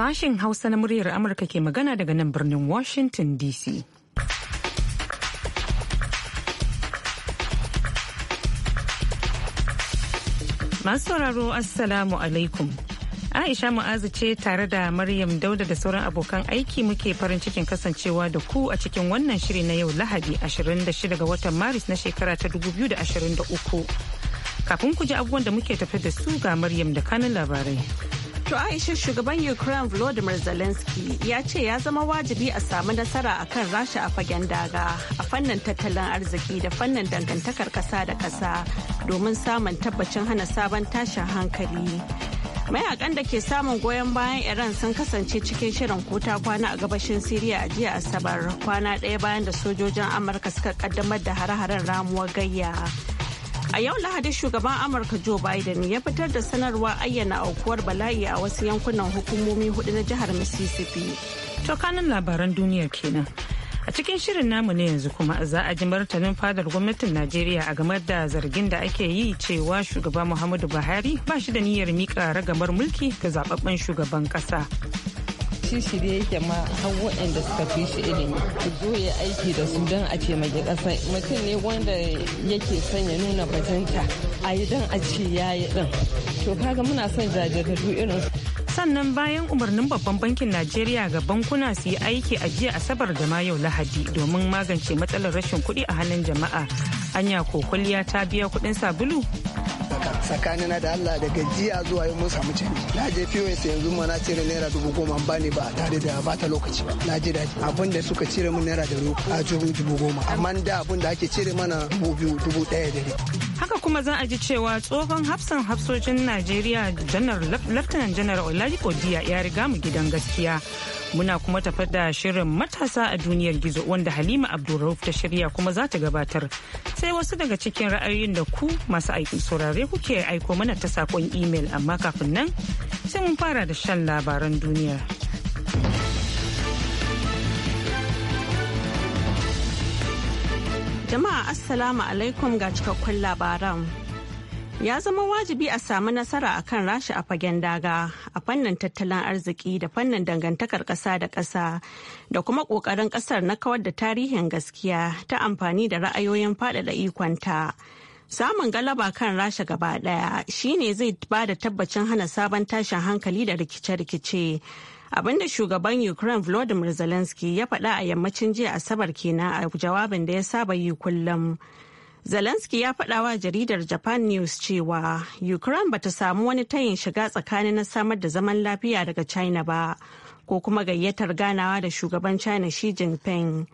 Sashen Hausa na muryar Amurka ke magana daga nan birnin Washington DC. Masu sauraro Assalamu alaikum. Aisha Mu'azu ce tare da Maryam Dauda da sauran abokan aiki muke farin cikin kasancewa da ku a cikin wannan shiri na yau Lahadi 26 ga watan Maris na shekara ta 2023. Kafin ku ji abubuwan da muke tafi da su ga Maryam da kanin labarai. To Aisha shugaban Ukraine Volodymyr Zelensky ya ce ya zama wajibi a samu nasara a kan rasha a fagen daga a fannin tattalin arziki da fannin dangantakar kasa da kasa domin samun tabbacin hana sabon tashin hankali. mayakan da ke samun goyon bayan iran sun kasance cikin shirin kuta kwana a gabashin siriya a jiya asabar kwana ɗaya bayan da sojojin amurka suka ƙaddamar da hare-haren ramuwar gayya A yau Lahadi shugaban Amurka Joe Biden ya fitar da sanarwa ayyana aukuwar bala'i a wasu yankunan hukumomi hudu na jihar Mississippi. To kanan labaran duniyar kenan. A cikin shirin namu ne yanzu kuma za a ji martanin fadar gwamnatin Najeriya a game da zargin da ake yi cewa shugaba Muhammadu Buhari ba shi da niyyar mika ragamar mulki ga zababben shugaban kasa. shi shirye yake ma har waɗanda suka fi shi ilimi zo ya aiki da su don a mage ƙasa mutum ne wanda yake son ya nuna bajinta a yi don a ce ya yi ɗin to kaga muna son jajirtattu irin sannan bayan umarnin babban bankin najeriya ga bankuna su yi aiki a jiya asabar da ma yau lahadi domin magance matsalar rashin kuɗi a hannun jama'a anya kokuliya ta biya kuɗin sabulu tsakanina da Allah da gajiya zuwa yau mun samu canji na je POS yanzu ma na cire naira dubu goma ba ne ba tare da bata lokaci ba na je daji abin da suka cire min naira da a dubu goma amma da abin da ake cire mana dubu biyu dubu daya da haka kuma za a ji cewa tsohon hafsan hafsoshin najeriya laftanan janar olajipo diya ya riga mu gidan gaskiya muna kuma tafa da shirin matasa a duniyar gizo wanda halima abdulrauf ta shirya kuma za ta gabatar sai wasu daga cikin ra'ayoyin da ku masu aiki saurare kuke aiko mana ta saƙon imel amma kafin nan sai mun fara da shan labaran duniya. Jama'a Assalamu alaikum ga cikakkun labaran. Ya zama wajibi a samu nasara a kan rasha a fagen daga a fannin tattalin arziki da fannin dangantakar ƙasa da ƙasa da kuma ƙoƙarin ƙasar na kawar da tarihin gaskiya ta amfani da ra'ayoyin faɗaɗa ikonta. Samun galaba kan rasha gaba ɗaya shine zai ba da tabbacin hana sabon tashin hankali da rikice-rikice. abinda shugaban ukraine volodymyr zelensky ya faɗa a yammacin jiya asabar kenan a jawabin da ya saba yi kullum zelensky ya faɗa wa jaridar japan news cewa ukraine bata samu wani tayin shiga tsakanin na samar da zaman lafiya daga china ba ko kuma gayyatar ganawa da shugaban china xi jinping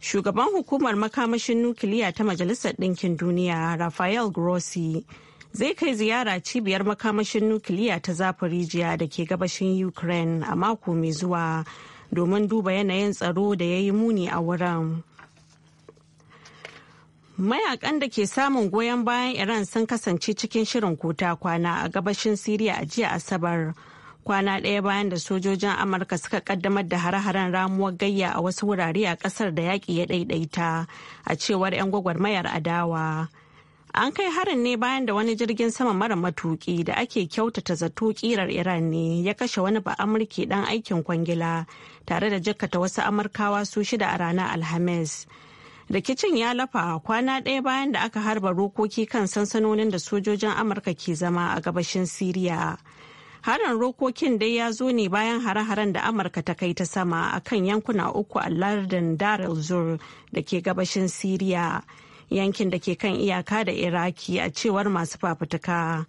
shugaban hukumar makamashin nukiliya ta majalisar ɗinkin duniya rafael grossi zai kai ziyara cibiyar makamashin nukiliya ta Zafirijiya da ke gabashin ukraine a mako mai zuwa domin duba yanayin tsaro da ya yi muni a wurin mayakan da ke samun goyon bayan iran sun kasance cikin shirin kota kwana a gabashin siriya a jiya asabar kwana ɗaya bayan da sojojin amurka suka kaddamar da hare-haren ramuwar gayya a wasu wurare a ƙasar da yaƙi ya ɗaiɗaita a cewar 'yan gwagwarmayar adawa An kai harin ne bayan da wani jirgin sama mara matuki da ake kyautata zato kirar Iran ne ya kashe wani ba'amurke dan aikin kwangila tare da jikkata wasu Amurkawa su shida a ranar Alhamis. Rikicin ya lafa kwana ɗaya bayan da aka harba rokoki kan sansanonin da sojojin Amurka ke zama a gabashin Siriya. Harin rokokin dai ya zo ne bayan hare-haren da Amurka ta kai ta sama a kan yankuna uku a lardin Dar Zur da ke gabashin Siriya. yankin da ke kan iyaka da iraki a cewar masu fafutuka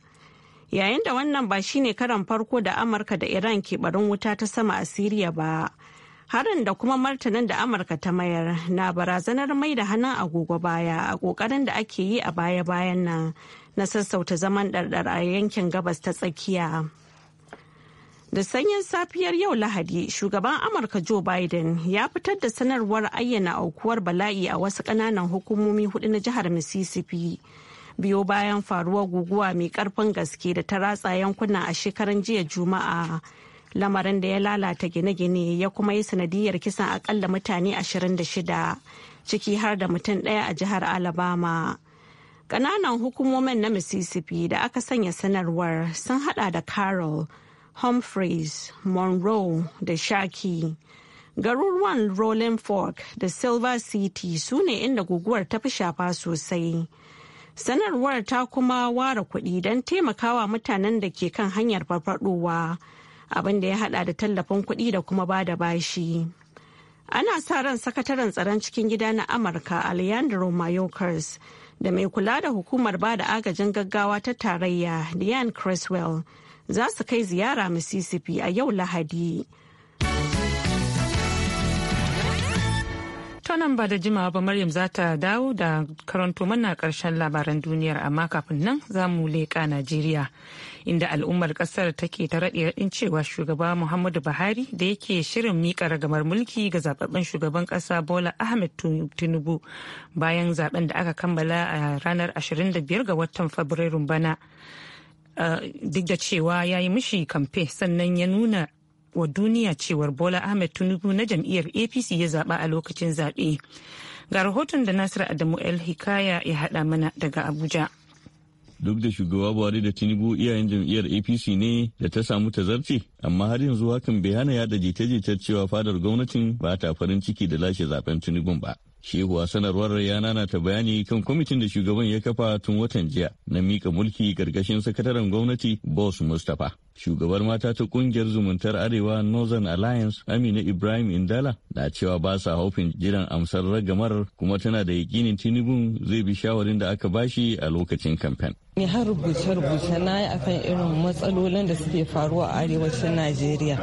yayin da wannan ba shine karan farko da amurka da iran ke barin wuta ta sama a siriya ba harin da kuma martanin da amurka ta mayar na barazanar mai da hannun agogo baya a kokarin da ake yi a baya-bayan nan na sassauta zaman ɗarɗar a yankin gabas ta tsakiya Da sanyin safiyar yau Lahadi, shugaban Amurka Joe Biden ya fitar da sanarwar ayyana aukuwar bala'i a wasu ƙananan hukumomi hudu na jihar Mississippi. Biyo bayan faruwar guguwa mai ƙarfin gaske da ta ratsa yankuna a shekaran jiya Juma'a. Lamarin da ya lalata gine-gine ya kuma yi sanadiyar kisan akalla mutane 26, ciki har da mutum ɗaya a jihar Alabama. Ƙananan hukumomin na Mississippi da aka sanya sanarwar sun hada da Carol. humphreys monroe da shaki garuruwan rolling fork da silver city su ne inda guguwar ta fi shafa sosai sanarwar ta kuma ware kuɗi don taimakawa mutanen da ke kan hanyar farfadowa abin da ya hada da tallafin kuɗi da kuma ba da bashi ana sa ran sakataren tsaron cikin gida na amurka alejandro mayorkas da mai kula da hukumar ba da agajin gaggawa ta tarayya diane creswell za su kai ziyara Mississippi a yau Lahadi. nan ba da jimawa ba Maryam za ta dawo da karanto mana karshen labaran duniyar amma kafin nan za mu leƙa Najeriya inda al'ummar ƙasar take ta raɗe raɗin cewa shugaba Muhammadu Buhari da yake shirin miƙa ragamar mulki ga zababben shugaban ƙasa Bola Ahmed Tinubu bayan zaben da aka kammala a ranar 25 ga watan Fabrairun bana. duk da cewa ya yi mishi kamfe sannan ya nuna wa duniya cewar bola ahmed tinubu na jam'iyyar apc ya zaba a lokacin zaɓe ga rahoton da nasir adamu el hikaya ya haɗa mana daga abuja duk da shugaba buhari da tinubu iyayen jam'iyyar apc ne da ta samu tazarci amma har yanzu hakan bai hana yada jita-jitar cewa fadar gwamnatin ba ta farin ciki da lashe zaben tinubu ba Shehu sanarwar ya nanata bayani kan kwamitin da shugaban ya kafa tun watan jiya na mika mulki karkashin sakataren gwamnati Boss Mustapha. shugabar mata ta kungiyar zumuntar arewa northern alliance amina ibrahim indala na cewa ba sa haufin jiran amsar ragamar kuma tana da yakinin tinubun zai bi shawarin da aka bashi a lokacin kamfen ni har rubuce-rubuce na yi akan irin matsalolin da suke faruwa a arewacin najeriya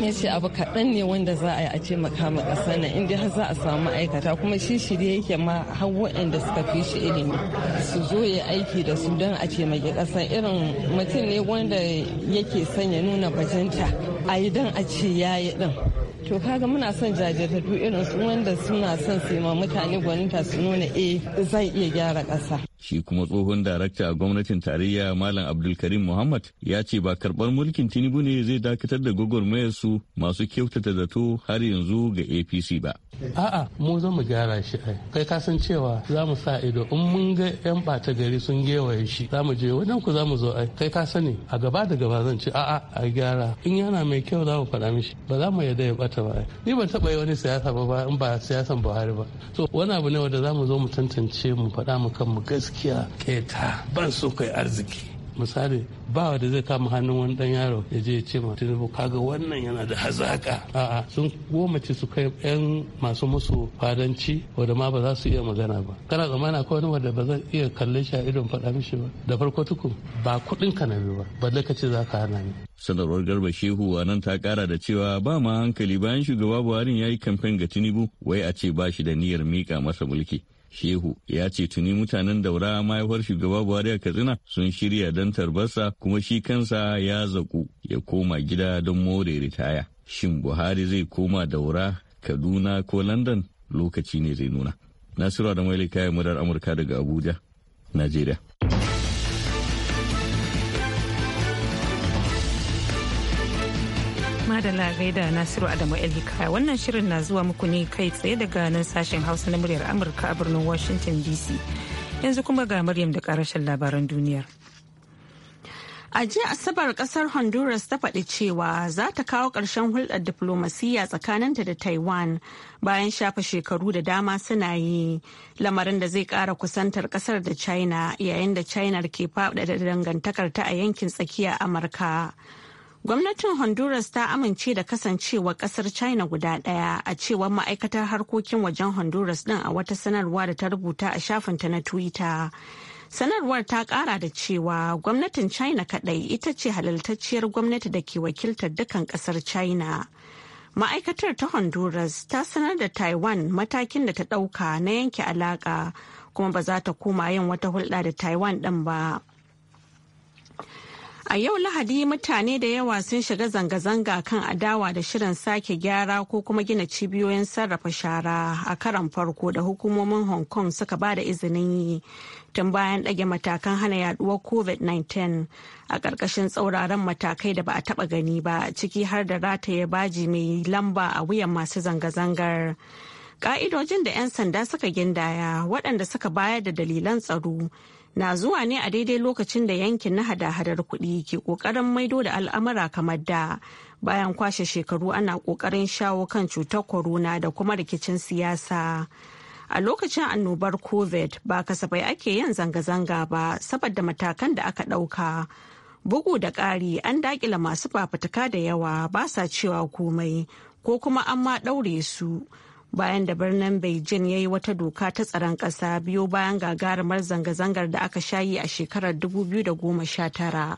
ya ce abu kaɗan ne wanda za a yi a ce makama ƙasa na inda har za a samu ma'aikata kuma shi shirye yake ma har waɗanda suka fi shi ilimi su zo ya aiki da su don a ce mage ƙasa irin mutum ne wanda yake sanya nuna bajinta a yi don a ce ya yi din to kaga muna son jajirtattu irin su wanda suna son su ma mutane gwaninta su nuna e eh, zai iya gyara kasa. shi kuma tsohon darakta a gwamnatin tarayya malam abdulkarim muhammad ya ce ba karbar mulkin tinubu ne zai dakatar da gwagwarmayar su masu kyautata zato har yanzu ga apc ba a'a mu zo mu gyara shi ai kai ka san cewa za mu sa ido in mun ga yan bata gari sun gewaye shi za mu je wajen ku za mu zo ai kai ka sani a gaba da gaba zan ce a'a a gyara in yana mai kyau za mu faɗa mishi ba za mu yarda ya bata siyasa ba ni ban taba yi wani siyasa ba in ba siyasan buhari ba so wani abu ne wanda za mu zo mu tantance mu faɗa mu kanmu gaskiya keta ban so kai arziki misali ba wanda zai kama hannun wani dan yaro ya je ya ce ma tinubu kaga wannan yana da hazaka a'a sun goma ce su kai yan masu musu fadanci wanda ma ba za su iya magana ba kana tsammana akwai wani wanda ba zan iya kalle shi a idon faɗa mishi ba da farko tuku ba kuɗin ka na ba balle ka ce za ka hana ni. sanarwar garba shehu a nan ta kara da cewa ba ma hankali bayan shugaba buhari ya yi kamfen ga tinubu wai a ce ba shi da niyyar mika masa mulki Shehu ya ce tuni mutanen daura mahaifar shugaba Buhari a Katsina sun shirya don tarbarsa kuma shi kansa ya zaku ya koma gida don more ritaya. Shin Buhari zai koma daura Kaduna ko London lokaci ne zai nuna. Nasiru da Maili kayan murar Amurka daga Abuja, Najeriya. madala gaida Nasiru Adamu Elhika wannan shirin na zuwa muku ne kai tsaye daga nan sashen Hausa na muryar Amurka a birnin Washington DC. Yanzu kuma ga Maryam da karashen labaran duniyar. A jiya Asabar kasar Honduras ta faɗi cewa za ta kawo ƙarshen hulɗar diflomasiyya tsakaninta da Taiwan bayan shafa shekaru da dama suna yi lamarin da zai ƙara kusantar ƙasar da China yayin da China ke faɗaɗa dangantakar ta a yankin tsakiya Amurka. Gwamnatin Honduras ta amince da kasancewa kasar China guda ɗaya a cewar ma'aikatar harkokin wajen Honduras ɗin a wata sanarwa da ta rubuta a shafinta na Twitter. Sanarwar ta kara da cewa gwamnatin China kaɗai ita ce halaltacciyar gwamnati da ke wakiltar dukkan ƙasar China. Ma'aikatar ta Honduras ta sanar da Taiwan matakin da ta ɗauka na yanke alaƙa kuma ba za ta koma yin wata hulɗa da Taiwan ɗin ba. A yau Lahadi mutane da yawa sun shiga zanga-zanga kan adawa da shirin sake gyara ko kuma gina cibiyoyin sarrafa shara a karan farko da hukumomin Hong Kong suka ba da izinin yi tun bayan ɗage matakan hana yaduwar COVID-19 a ƙarƙashin tsauraran matakai da ba a taɓa gani ba ciki har da rataye baji mai lamba a wuyan masu zanga-zangar. Ka'idojin da 'yan sanda suka gindaya waɗanda suka bayar da dalilan tsaro. na zuwa ne a daidai lokacin da yankin na hada-hadar kuɗi ke ƙoƙarin maido da al'amura kamar da bayan kwashe shekaru ana ƙoƙarin shawo kan cutar corona da kuma rikicin siyasa. A lokacin annobar COVID ba kasafai ake yin zanga-zanga ba saboda matakan da aka ɗauka. Bugu da ƙari an daƙila masu fafutuka da yawa ba sa cewa komai ko kuma an ma ɗaure su. bayan da birnin beijing ya yi wata doka ta tsaron ƙasa biyo bayan gagarumar zanga-zangar da aka shayi a shekarar 2019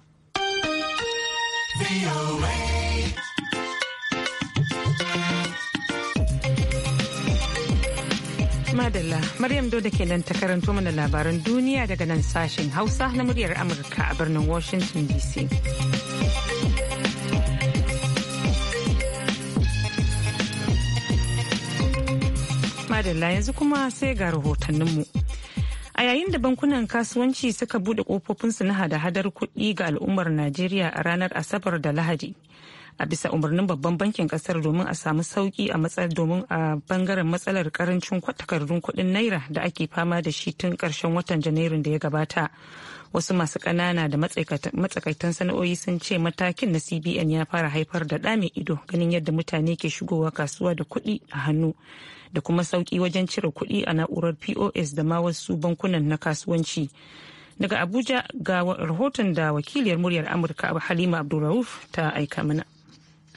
Madalla, Maryam Doda kenan ta karanto mana labaran duniya daga nan sashen Hausa na muryar Amurka a birnin Washington DC. madalla yanzu kuma sai ga rahotanninmu. A yayin da bankunan kasuwanci suka buɗe ƙofofinsu na hada-hadar kuɗi ga al'ummar Najeriya a ranar Asabar da Lahadi. a bisa umarnin babban bankin kasar domin a samu sauki a matsayin domin a bangaren matsalar karancin takardun kuɗin naira da ake fama da shi tun karshen watan janairun da ya gabata wasu masu ƙanana da matsakaitan sana'o'i sun ce matakin na cbn ya fara haifar da ɗame ido ganin yadda mutane ke shigowa kasuwa da kuɗi a hannu da kuma sauƙi wajen cire kuɗi a na'urar pos da ma wasu bankunan na kasuwanci daga abuja ga rahoton da wakiliyar muryar amurka halima abdulrauf ta aika mana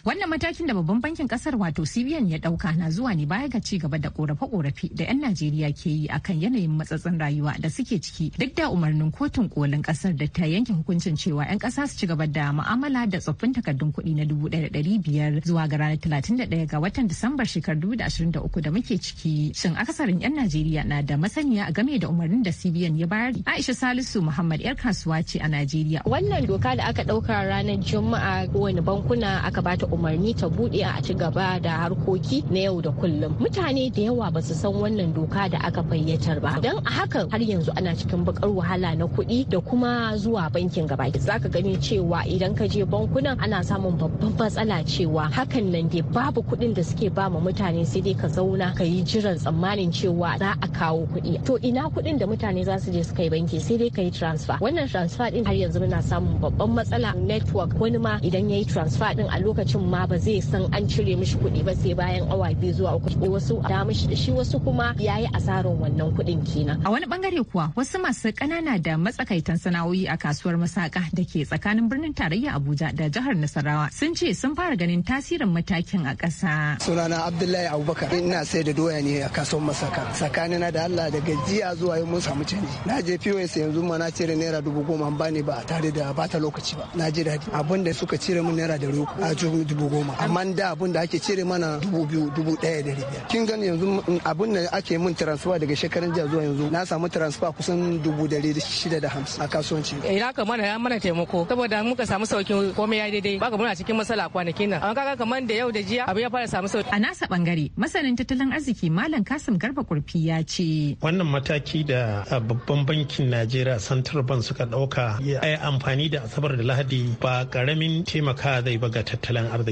Wannan matakin da babban bankin kasar wato CBN ya dauka na zuwa ne baya ga ci gaba da korafe-korafe da 'yan Najeriya ke yi akan yanayin matsatsin rayuwa da suke ciki duk da umarnin kotun kolin kasar da ta yanke hukuncin cewa 'yan kasa su ci gaba da mu'amala da tsoffin takardun kuɗi na dubu daya da biyar zuwa ga ranar talatin da daya ga watan Disambar shekarar dubu da ashirin da uku da muke ciki. Shin akasarin 'yan Najeriya na da masaniya a game da umarnin da CBN ya bayar? Aisha Salisu Muhammad 'yar kasuwa ce a Najeriya. Wannan doka da aka ɗauka ranar Juma'a wani bankuna aka bata umarni ta buɗe a ci gaba da harkoki na yau da kullum mutane da yawa ba su san wannan doka da aka fayyatar ba don a hakan har yanzu ana cikin bakar wahala na kuɗi da kuma zuwa bankin gaba zaka gani cewa idan ka je bankunan ana samun babban matsala cewa hakan nan dai babu kuɗin da suke ba ma mutane sai dai ka zauna ka yi jiran tsammanin cewa za a kawo kuɗi to ina kuɗin da mutane za su je su kai banki sai dai ka yi transfer wannan transfer din har yanzu muna samun babban matsala network wani ma idan ya yi transfer din a lokacin mutum ma ba zai san an cire mishi kuɗi ba sai bayan awa biyu zuwa uku wasu da mishi da shi wasu kuma ya yi asarar wannan kuɗin kenan a wani bangare kuwa wasu masu ƙanana da matsakaitan sana'o'i a kasuwar masaka da ke tsakanin birnin tarayya abuja da jihar nasarawa sun ce sun fara ganin tasirin matakin a ƙasa sunana abdullahi abubakar ina sai da doya ne a kasuwar masaka tsakanina da allah da gajiya zuwa yau mun samu canji na je pos yanzu ma na cire naira dubu goma ba ne ba tare da bata lokaci ba na ji daɗi abun da suka cire min naira da a dubu goma amma da abin da ake cire mana dubu biyu dubu ɗaya da biyar kin gani yanzu abin da ake min transfer daga shekaran jiya zuwa yanzu na samu transfer kusan dubu dari shida da hamsin a kasuwanci ina eh, ka mana ya mana taimako saboda muka samu sauƙin komai ya daidai baka muna cikin matsala kwanakin nan an kaga kamar da yau da jiya abu ya fara samu sauƙi a nasa bangare masanin tattalin arziki malam kasim garba kurfi ya ce wannan mataki da babban bankin najeriya central bank suka ɗauka ya yi amfani da asabar da lahadi ba ƙaramin taimaka zai ba ga tattalin arziki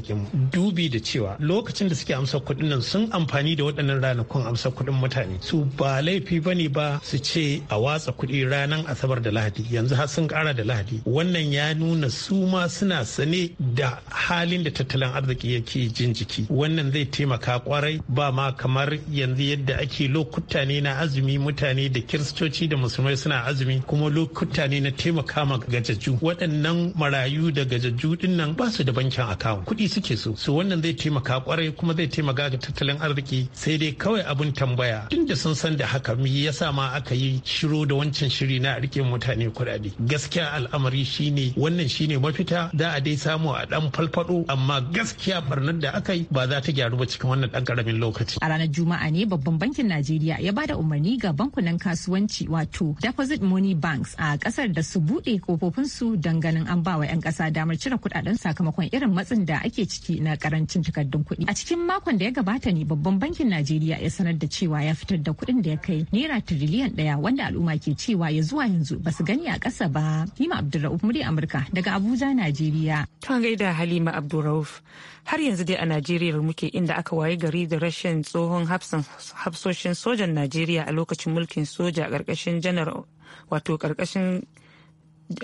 dubi da cewa lokacin da suke amsa kuɗin nan sun amfani da waɗannan ranakun amsa kuɗin mutane su ba laifi ba ne ba su ce a watsa kuɗi ranar asabar da lahadi yanzu har sun ƙara da lahadi wannan ya nuna su ma suna sane da halin da tattalin arziki yake jin jiki wannan zai taimaka kwarai ba ma kamar yanzu yadda ake lokuta ne na azumi mutane da kiristoci da musulmai suna azumi kuma lokuta ne na taimaka ma gajajju waɗannan marayu da gajaju ɗin nan ba su da bankin akawun kuɗi suke so su wannan zai taimaka kwarai kuma zai taimaka ga tattalin arziki sai dai kawai abin tambaya tun da sun san da haka me yasa ma aka yi shiro da wancan shiri na rike mutane kuɗaɗe gaskiya al'amari shine wannan shine mafita za a dai samu a dan falfado amma gaskiya barnar da aka yi ba za ta gyaru ba cikin wannan dan karamin lokaci a ranar juma'a ne babban bankin najeriya ya bada umarni ga bankunan kasuwanci wato deposit money banks a kasar da su buɗe kofofinsu don ganin an wa 'yan ƙasa damar cire kuɗaɗen sakamakon irin matsin da ake ciki na karancin takardun kuɗi. A cikin makon da ya gabata ne babban bankin Najeriya ya sanar da cewa ya fitar da kuɗin da ya kai naira tiriliyan ɗaya wanda al'umma ke cewa ya zuwa yanzu ba su gani a ƙasa ba. nima Abdulrauf muri Amurka daga Abuja, Najeriya. tun gaida Halima Abdulrauf. Har yanzu dai a Najeriya muke inda aka waye gari da rashin tsohon hafsoshin sojan Najeriya a lokacin mulkin soja a ƙarƙashin janar wato ƙarƙashin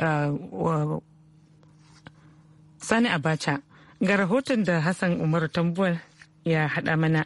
ah, Sani Abacha Ga rahoton da Hassan Umar Tambuwal ya haɗa mana.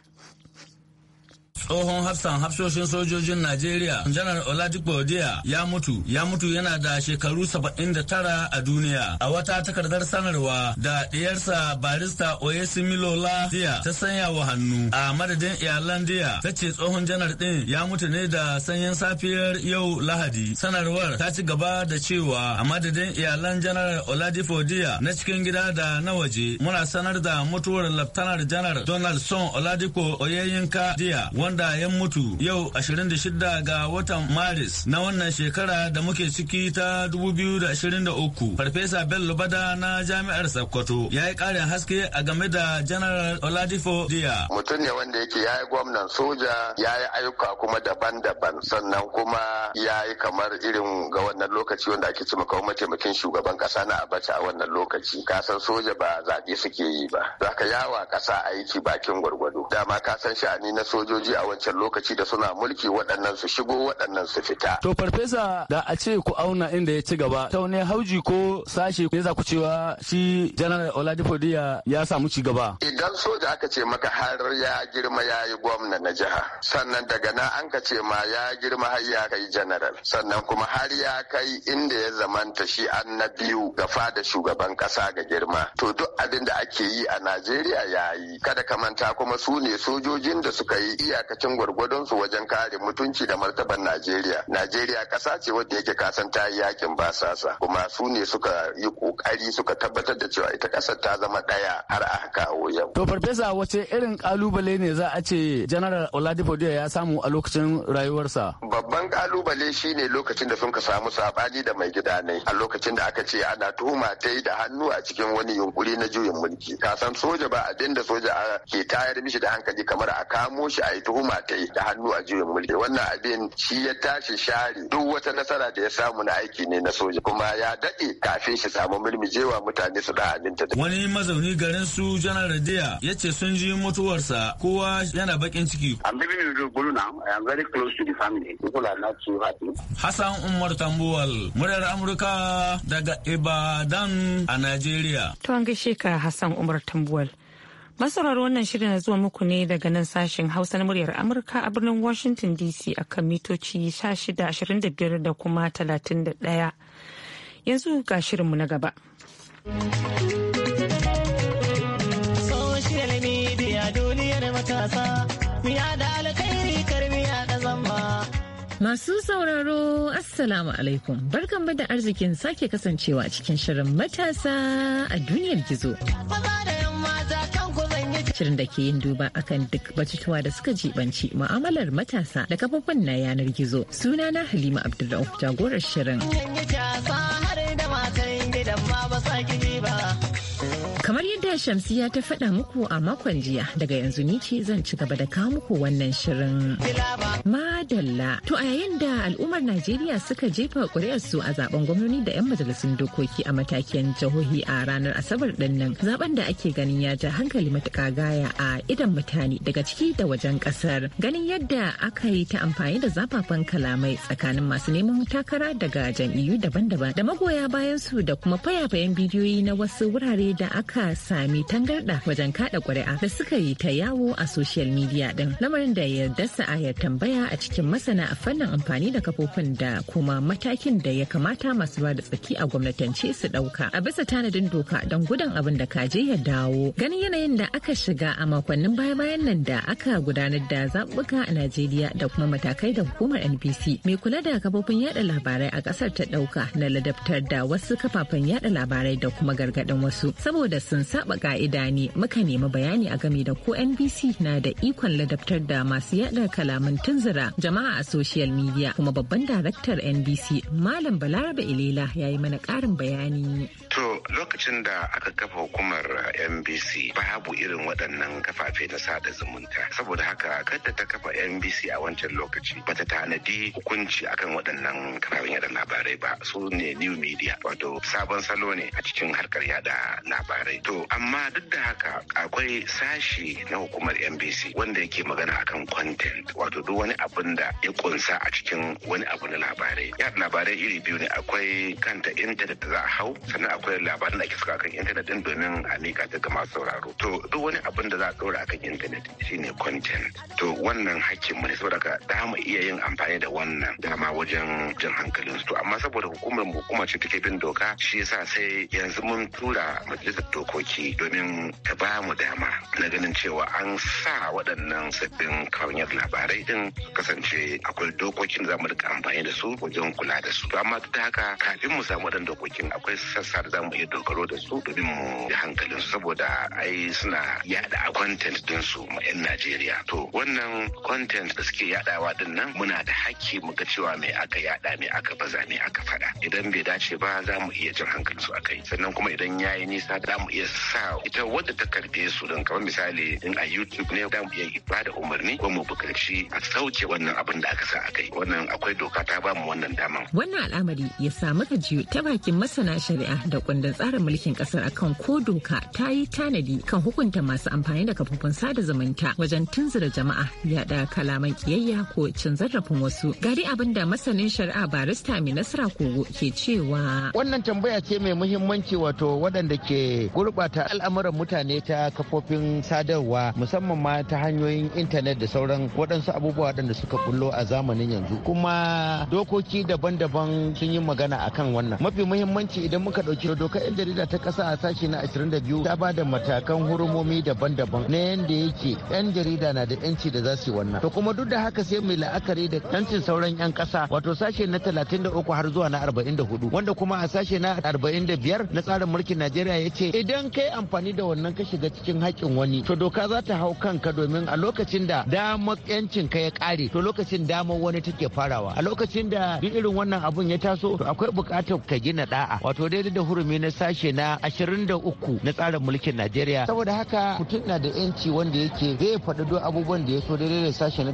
tsohon hafsan hafsoshin sojojin najeriya janar oladipo odia ya mutu ya mutu yana da shekaru 79 a duniya a wata takardar sanarwa da ɗiyarsa barista oyesimilola diya ta sanya wa hannu a madadin iyalan diya ta ce tsohon janar ɗin ya mutu ne da sanyin safiyar yau lahadi sanarwar ta ci gaba da cewa a madadin iyalan janar oladipo diya na cikin gida da na waje muna sanar da mutuwar laftanar janar donaldson oladipo oyeyinka diya wanda ya mutu yau 26 ga watan Maris na wannan shekara da muke ciki ta 2023. Farfesa Bello Bada na Jami'ar Sokoto ya yi ƙarin haske a game da General Oladipo Diya. Mutum ne wanda yake ya yi gwamnan soja ya yi ayyuka kuma daban-daban sannan kuma ya yi kamar irin ga wannan lokaci wanda ake cima kawo mataimakin shugaban kasa na Abacha a wannan lokaci. ka san soja ba zaɓe suke yi ba. Zaka yawa ƙasa aiki bakin gwargwado. Dama san sha'ani na sojoji a wancan lokaci da suna mulki waɗannan su shigo waɗannan su fita. To farfesa da a ce ku auna inda ya ci gaba ta wani hauji ko sashe ne za ku cewa shi janar Oladipo Diya ya samu ci gaba. Idan soja aka ce maka har ya girma ya yi gwamna na jiha sannan daga na an ka ce ma ya girma har ya kai janaral sannan kuma har ya kai inda ya zamanta shi an na biyu ga fada shugaban kasa ga girma to duk abin da ake yi a Najeriya ya yi kada ka manta kuma su ne sojojin da suka yi iya iyakacin gwargwadon su wajen kare mutunci da martaban Najeriya. Najeriya ƙasa ce wadda yake kasan ta yi yakin basasa kuma su ne suka yi ƙoƙari suka tabbatar da cewa ita ƙasar ta zama ɗaya har a kawo yau. To farfesa wace irin ƙalubale ne za a ce General Oladipo ya samu a lokacin rayuwarsa? Babban ƙalubale shine lokacin da sun ka samu saɓani da mai gida ne a lokacin da aka ce ana tuhuma ta yi da hannu a cikin wani yunkuri na juyin mulki. Kasan soja ba abin da soja ke tayar mishi da hankali kamar a kamo shi a yi tuhuma ta yi da hannu a juyin mulki wannan abin shi ya tashi shari. duk wata nasara da ya samu na aiki ne na soja kuma ya daɗe kafin shi samu mulmijewa mutane su da aminta wani mazauni garin su janar radiya ya ce sun ji mutuwarsa kowa yana bakin ciki close to the family. Hassan Umar Tambuwal, muryar Amurka daga Ibadan a Najeriya. To an gaishe ka Hassan Umar Tambuwal. masarar wannan shirin na zuwa muku ne daga nan sashen Hausa na muryar Amurka a birnin Washington DC a kan mitoci 1625 da kuma 31. Yanzu ga shirinmu na gaba. Masu sauraro Assalamu alaikum barkan da arzikin sake kasancewa cikin shirin matasa a duniyar gizo. shirin da ke yin duba akan duk batutuwa da suka jibanci mu'amalar matasa da kafofin na yanar gizo. Sunana Halima abdullahi jagorar shirin. yadda shamsiya ta faɗa muku a makon jiya daga yanzu ni ce zan ci gaba da kawo muku wannan shirin. Madalla. To a yayin da al'ummar Najeriya suka jefa ƙuri'arsu a zaben gwamnoni da 'yan majalisun dokoki a matakin jihohi a ranar Asabar ɗin nan zaben da ake ganin ya ja hankali matuƙa gaya a idan mutane daga ciki da wajen ƙasar. Ganin yadda aka yi ta amfani da zafafan kalamai tsakanin masu neman takara daga jam'iyyu daban-daban da magoya bayan su da kuma fayafayen bidiyoyi na wasu wurare da aka sa ami tangarɗa wajen kada ƙuri'a da suka yi ta yawo a social media din lamarin da ya dasa ayar tambaya a cikin masana a fannin amfani da kafofin da kuma matakin da ya kamata masu ba da tsaki a gwamnatance su ɗauka a bisa tanadin doka don gudun abin da kaje ya dawo ganin yanayin da aka shiga a makonnin baya-bayan nan da aka gudanar da zaɓuɓɓuka a Najeriya da kuma matakai da hukumar NBC mai kula da kafofin yada labarai a ƙasar ta ɗauka na ladabtar da wasu kafafen yada labarai da kuma gargaɗin wasu saboda sun saba saba ka'ida ne muka nemi bayani a game da ko NBC na da ikon ladabtar da masu yaɗa kalaman tunzura jama'a a social media kuma babban daraktar NBC Malam Balarabe Ilela ya yi mana karin bayani. To lokacin da aka kafa hukumar uh, NBC babu irin waɗannan kafafe na sada zumunta saboda haka kada ta kafa NBC a wancan lokaci bata tanadi hukunci akan waɗannan kafafen yada labarai ba su ne new media wato sabon salo ne a cikin harkar yada labarai to amma duk da haka akwai sashi na hukumar NBC wanda yake magana akan content wato duk wani abin da ya kunsa a cikin wani abu na labarai ya labarai iri biyu ne akwai kanta intanet da za a hau sannan akwai labarin da ake suka akan intanet din domin a mika daga masu sauraro to duk wani abin da za a ɗora akan intanet shine content to wannan hakkin mu ne saboda ka da mu iya yin amfani da wannan dama wajen jan hankalin su amma saboda hukumar mu hukuma ce take bin doka shi yasa sai yanzu mun tura majalisar dokoki domin ta ba mu dama na ganin cewa an sa waɗannan sabbin kawunyar labarai din kasance akwai dokokin za mu rika amfani da su wajen kula da su amma ta haka kafin mu samu waɗannan dokokin akwai sassa da za mu iya dogaro da su domin mu da hankalin su saboda ai suna yada a content din su ma 'yan Najeriya to wannan content da suke yadawa din nan muna da hakki mu ga cewa me aka yada me aka baza me aka faɗa idan bai dace ba za mu iya jin hankalin su akai sannan kuma idan yayi nisa za mu iya sa ita wadda ta karbe su don kamar misali in a youtube ne dan ba da umarni ko mu bukarci a sauke wannan abin da aka sa a kai wannan akwai doka ta ba mu wannan dama wannan al'amari ya samu kajiyo ta bakin masana shari'a da kundin tsarin mulkin kasar akan ko doka ta yi tanadi kan hukunta masu amfani da kafofin sada zumunta wajen tunzura jama'a yada kalaman kiyayya ko cin zarafin wasu gari abin da masanin shari'a barista mai nasara kogo ke cewa wannan tambaya ce mai muhimmanci wato waɗanda ke gurɓata ta al'amuran mutane ta kafofin sadarwa musamman ma ta hanyoyin intanet da sauran waɗansu abubuwa waɗanda suka kullo a zamanin yanzu kuma dokoki daban-daban sun yi magana akan wannan mafi muhimmanci idan muka ɗauki dokar yan jarida ta ƙasa a sashi na 22 ta ba da matakan hurumomi daban-daban na yanda yake yan jarida na da yanci da za su yi wannan to kuma duk da haka sai mai la'akari da yancin sauran yan ƙasa wato sashe na 33 har zuwa na 44 wanda kuma a sashe na 45 na tsarin mulkin Najeriya ya ce idan kai amfani da wannan ka shiga cikin haƙƙin wani to doka za ta hau kanka domin a lokacin da damar yancin ka ya ƙare to lokacin damar wani take farawa a lokacin da duk irin wannan abun ya taso to akwai buƙatar ka gina da'a wato daidai da hurumi na sashe na ashirin da uku na tsarin mulkin Najeriya saboda haka mutum na da yanci wanda yake zai faɗi duk abubuwan da ya so daidai da sashe na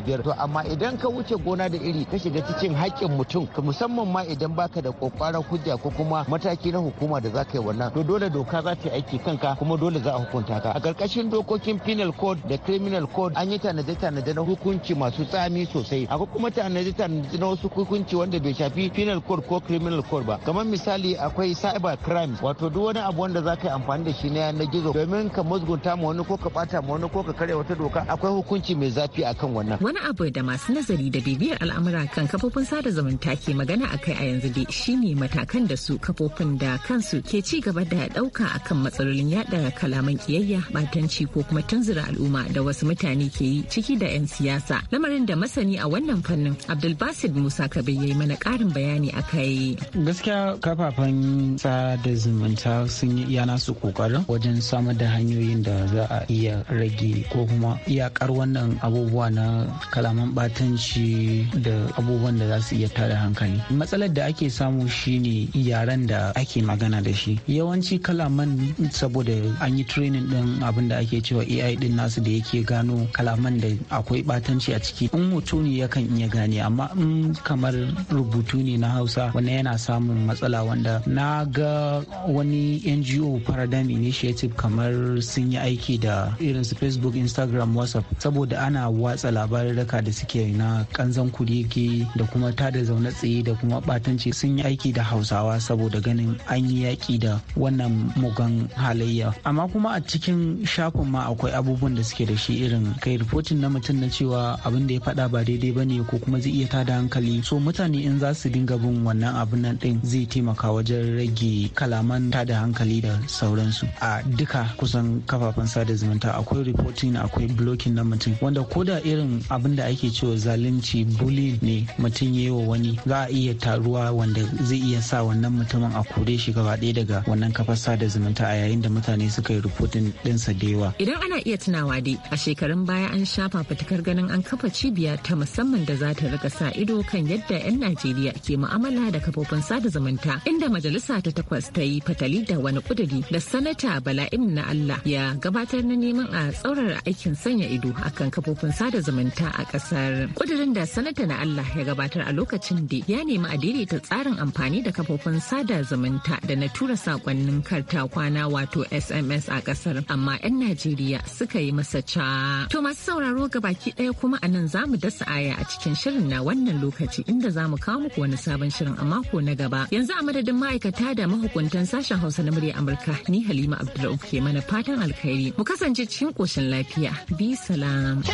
biyar to amma idan ka wuce gona da iri ka shiga cikin haƙƙin mutum musamman ma idan baka da kokwaran hujja ko kuma mataki na hukuma da za ka yi wannan to dole doka za ta yi aiki kanka kuma dole za a hukunta ka a karkashin dokokin penal code da criminal code an yi tanade tanade na hukunci masu tsami sosai akwai kuma tanade tanade na wasu hukunci wanda bai shafi penal code ko criminal code ba kamar misali akwai cyber crimes wato duk wani abu wanda za ka yi amfani da shi na yanar gizo domin ka musgunta ma wani ko ka bata ma wani ko ka karya wata doka akwai hukunci mai zafi akan wannan wani abu da masu nazari da bibiyar al'amura kan kafofin sada zumunta ke magana akai a yanzu dai shine matakan da su kafofin da kansu ke ci gaba da dauka akan matsalolin yada kalaman kiyayya batanci ko kuma tunzura al'umma da wasu mutane ke yi ciki da 'yan siyasa lamarin da masani a wannan fannin abdulbasid musa kabe ya yi mana karin bayani a kai gaskiya kafafen da zumunta sun yi iya nasu kokarin wajen samar da hanyoyin da za a iya rage ko kuma iyakar wannan abubuwa na kalaman batanci da abubuwan da za su iya tada hankali matsalar da ake samu shine yaren da ake magana da shi yawanci kalaman saboda an yi training din abin da ake cewa AI din nasu da yake gano kalaman da akwai batanci a ciki in hoto ne yakan iya gane amma in kamar rubutu ne na Hausa wannan yana samun matsala wanda na ga wani NGO Paradigm Initiative kamar sun yi aiki da irin su Facebook, Instagram, WhatsApp saboda ana watsa labarin raka da suke na kanzan kurege da kuma tada zaune tsaye da kuma batanci sun yi aiki da Hausawa saboda ganin an yi yaki da wannan mugan halayya amma kuma a cikin shafin ma akwai abubuwan da suke da shi irin kai rifotin na mutum na cewa abin da ya faɗa ba daidai ba ne ko kuma zai iya tada hankali so mutane in za su dinga bin wannan abin nan ɗin zai taimaka wajen rage kalaman tada hankali da sauransu a duka kusan kafafen sada zumunta akwai rifotin akwai blocking na mutum wanda ko da irin abin da ake cewa zalunci bullying ne mutum ya wa wani za a iya taruwa wanda zai iya sa wannan mutumin a kore shi gaba ɗaya daga wannan kafar sada zumunta a yayin da mutane suka yi rufotin ɗinsa da yawa. Idan ana iya tunawa dai a shekarun baya an sha fitakar ganin an kafa cibiya ta musamman da za ta rika sa ido kan yadda 'yan Najeriya ke mu'amala da kafofin sada zumunta inda majalisa ta takwas ta yi fatali da wani kudiri da sanata Bala'im na Allah ya gabatar na neman a tsaurara aikin sanya ido akan kafofin sada zumunta a ƙasar. Kudurin da sanata na Allah ya gabatar a lokacin da ya nemi a daidaita tsarin amfani da kafofin sada zumunta da na tura sakonnin karta kwana na wato SMS a kasar amma 'yan Najeriya suka yi masa ca. To masu sauraro ga baki ɗaya kuma a nan za mu dasa aya a cikin shirin na wannan lokaci inda za mu kawo muku wani sabon shirin a mako na gaba. Yanzu a madadin ma'aikata da mahukuntan sashen Hausa na murya Amurka ni Halima abdullahi ke mana fatan alkhairi. Mu kasance cikin koshin lafiya. Bi salam.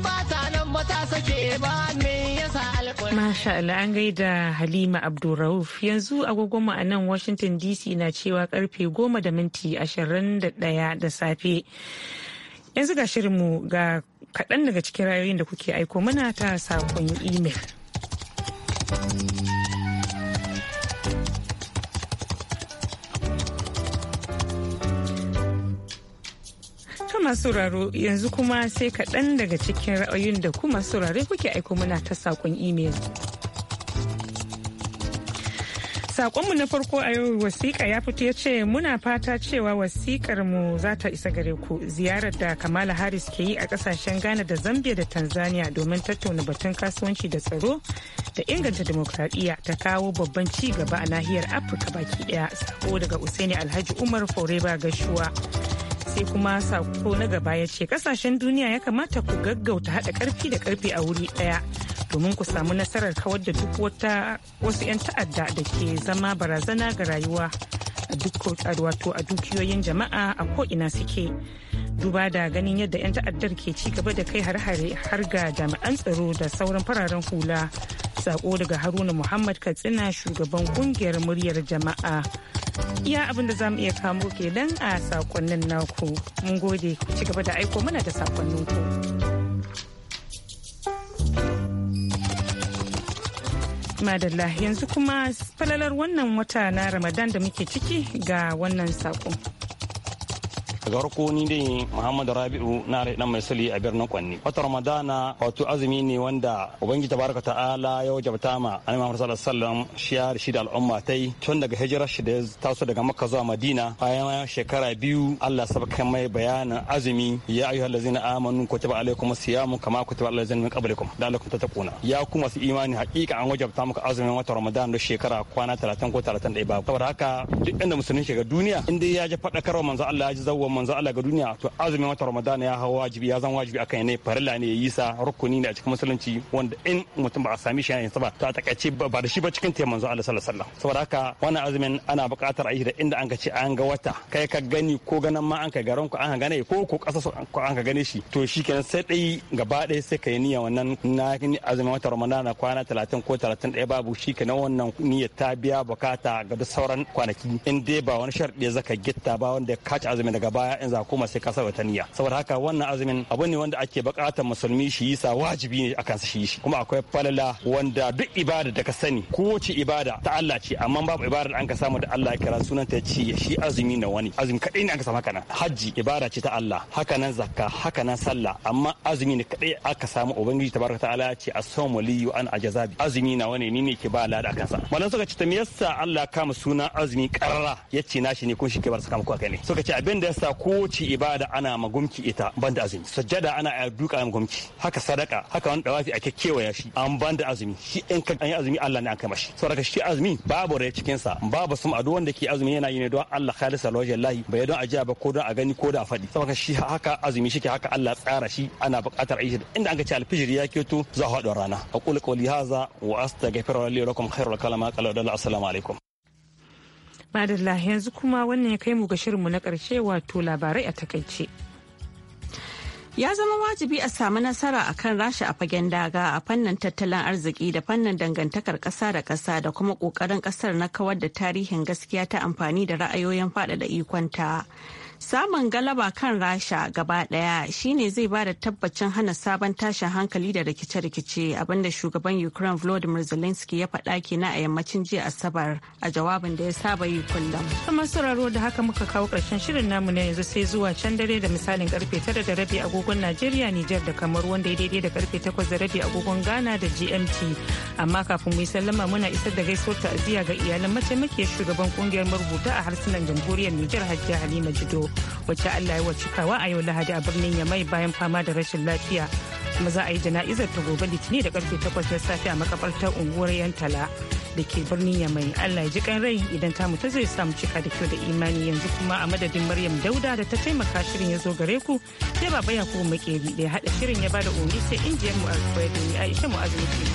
ba ta nan ba ta sake ba me yasa Masha Allah an gaida Halima Abdulrauf yanzu agogonmu a nan Washington DC na cewa karfe goma da minti ashirin da daya da safe. Yanzu ga shirinmu ga kaɗan daga cikin rayoyin da kuke aiko mana ta saƙon imel. masu sauraro yanzu kuma sai kaɗan daga cikin ra'ayoyin da kuma saurare kuke aiko muna ta saƙon imel. saƙonmu na farko a yau wasiƙa ya fito ya ce muna fata cewa wasiƙar mu za ta isa gare ku ziyarar da Kamala Harris ke yi a ƙasashen Ghana da Zambia da Tanzania domin tattauna batun kasuwanci da tsaro da inganta demokradiyya ta kawo babban ci gaba a nahiyar Afirka baki ɗaya sako daga Usaini Alhaji Umar Foreba Gashuwa. sai kuma sako na gaba ya ce kasashen duniya ya kamata ku gaggauta haɗa ƙarfi da karfi a wuri ɗaya domin ku samu nasarar kawar da duk wata wasu 'yan ta'adda da ke zama barazana ga rayuwa a duk wato a dukiyoyin jama'a a ko'ina suke duba da ganin yadda 'yan ta'addar ke ci gaba da kai har-hare har ga jami'an tsaro da sauran fararen hula Sako daga Haruna Muhammad Katsina shugaban kungiyar muryar jama'a. Iya abin da za mu iya kamo kenan a sakonnin naku. Mun gode ci gaba da aiko mana da ku. Madalla yanzu kuma falalar wannan wata na Ramadan da muke ciki ga wannan sako daga farko ni dai muhammad rabi'u na rai dan mai a birnin kwanni wata ramadana wato azumi ne wanda ubangiji tabaraka ta'ala ya wajabta ma annabi muhammad sallallahu alaihi wasallam shiyar shi da al'umma tai tun daga hijirar shi da ya taso daga makka zuwa madina bayan shekara biyu allah sabaka mai bayanin azumi ya ayyuhal ladzina amanu kutiba alaikum siyamu kama kutiba alal ladzina min qablikum la'allakum kuna. ya ku masu imani hakika an wajabta muku azumin wata ramadana da shekara kwana 30 ko 31 babu saboda haka duk inda musulmi shiga duniya in dai ya ji fadakarwa manzo Allah ya ji zawwa manzo Allah ga duniya to azumin wata Ramadan ya hawa wajibi ya zan wajibi akan ne farilla ne yi sa rukuni ne a cikin musulunci wanda in mutum ba a sami shi yayin ba to a takaice ba da shi ba cikin tayi manzo Allah sallallahu alaihi wasallam saboda haka wannan azumin ana buƙatar a da inda an ka ce an ga wata kai ka gani ko ganan ma an ka garan ku an ka gane ko ko kasa ko an ka gane shi to shikenan sai dai gaba ɗaya sai kai niyya wannan na azumin wata Ramadan na kwana 30 ko 31 babu shikenan wannan niyyar ta biya bukata ga sauran kwanaki in dai ba wani sharɗi zaka gitta ba wanda ya kaci azumin daga baya baya in za koma sai ka wataniya saboda haka wannan azumin abu ne wanda ake bukatar musulmi shi yi sa wajibi ne akan su shi shi kuma akwai falala wanda duk ibada da ka sani kowace ibada ta Allah ce amma babu ibada da an ka samu da Allah ya kira sunan ta ce shi azumi na wani azumi kadai ne an ka samu haka hajji ibada ce ta Allah haka nan zakka haka nan sallah amma azumi ne kadai aka samu ubangiji tabaraka ta'ala ya ce as-sawmu li an ajazabi azumi na wani ni ne ke ba lada akan sa malan suka ce ta me yasa Allah kama sunan azumi karara yace nashi ne ko shi ke bar saka muku kai ne suka ce abin da yasa kowace ibada ana magumki ita banda azumi sajjada ana a duka magumki haka sadaka haka wani dawafi ake kewaya shi an banda azumi shi in ka an yi azumi Allah ne an kai mashi saboda shi azumi babu rai cikin sa babu sum duk wanda ke azumi yana yi ne don Allah khalisa lawajin lahi bai don ajiya ba ko don a gani ko da a faɗi saboda shi haka azumi shi ke haka Allah tsara shi ana buƙatar aisha inda an ga ci alfijir ya keto za a rana aqulu qawli hadha wa astaghfiru li lakum khairul kalama qala assalamu alaikum Madalla yanzu kuma wannan ya kai mu ga shirinmu na ƙarshe wato labarai a takaice. Ya zama wajibi a samu nasara a kan rasha a fagen daga a fannin tattalin arziki da fannin dangantakar ƙasa da ƙasa da kuma ƙoƙarin ƙasar na kawar da tarihin gaskiya ta amfani da ra'ayoyin faɗaɗa ikonta. samun galaba kan rasha gaba daya shine zai ba da tabbacin hana sabon tashin hankali da rikice-rikice abinda shugaban ukraine volodymyr zelensky ya faɗa na a yammacin jiya asabar a jawabin da ya saba yi kullum kamar sauraro da haka muka kawo ƙarshen shirin namu na yanzu sai zuwa can dare da misalin karfe tara da rabi agogon najeriya nijar da kamar wanda ya daidai da karfe takwas da rabi agogon ghana da gmt amma kafin mu yi sallama muna isar da gaisuwar ta'aziyya ga iyalan muke shugaban kungiyar marubuta a harsunan jamhuriyar nijar hajji halima jido wacce Allah ya wacikawa a yau Lahadi a birnin Yamai bayan fama da rashin lafiya kuma za a yi jana'izar ta gobe litinin da karfe 8 na safe a makabartar unguwar Yantala da ke birnin Yamai Allah ya ji kan rai idan ta mutu zai samu cika da kyau da imani yanzu kuma a madadin Maryam Dauda da ta taimaka shirin ya zo gare ku sai baba Yakubu Makeri da ya haɗa shirin ya bada umarni sai injiyar mu a Aisha mu azumi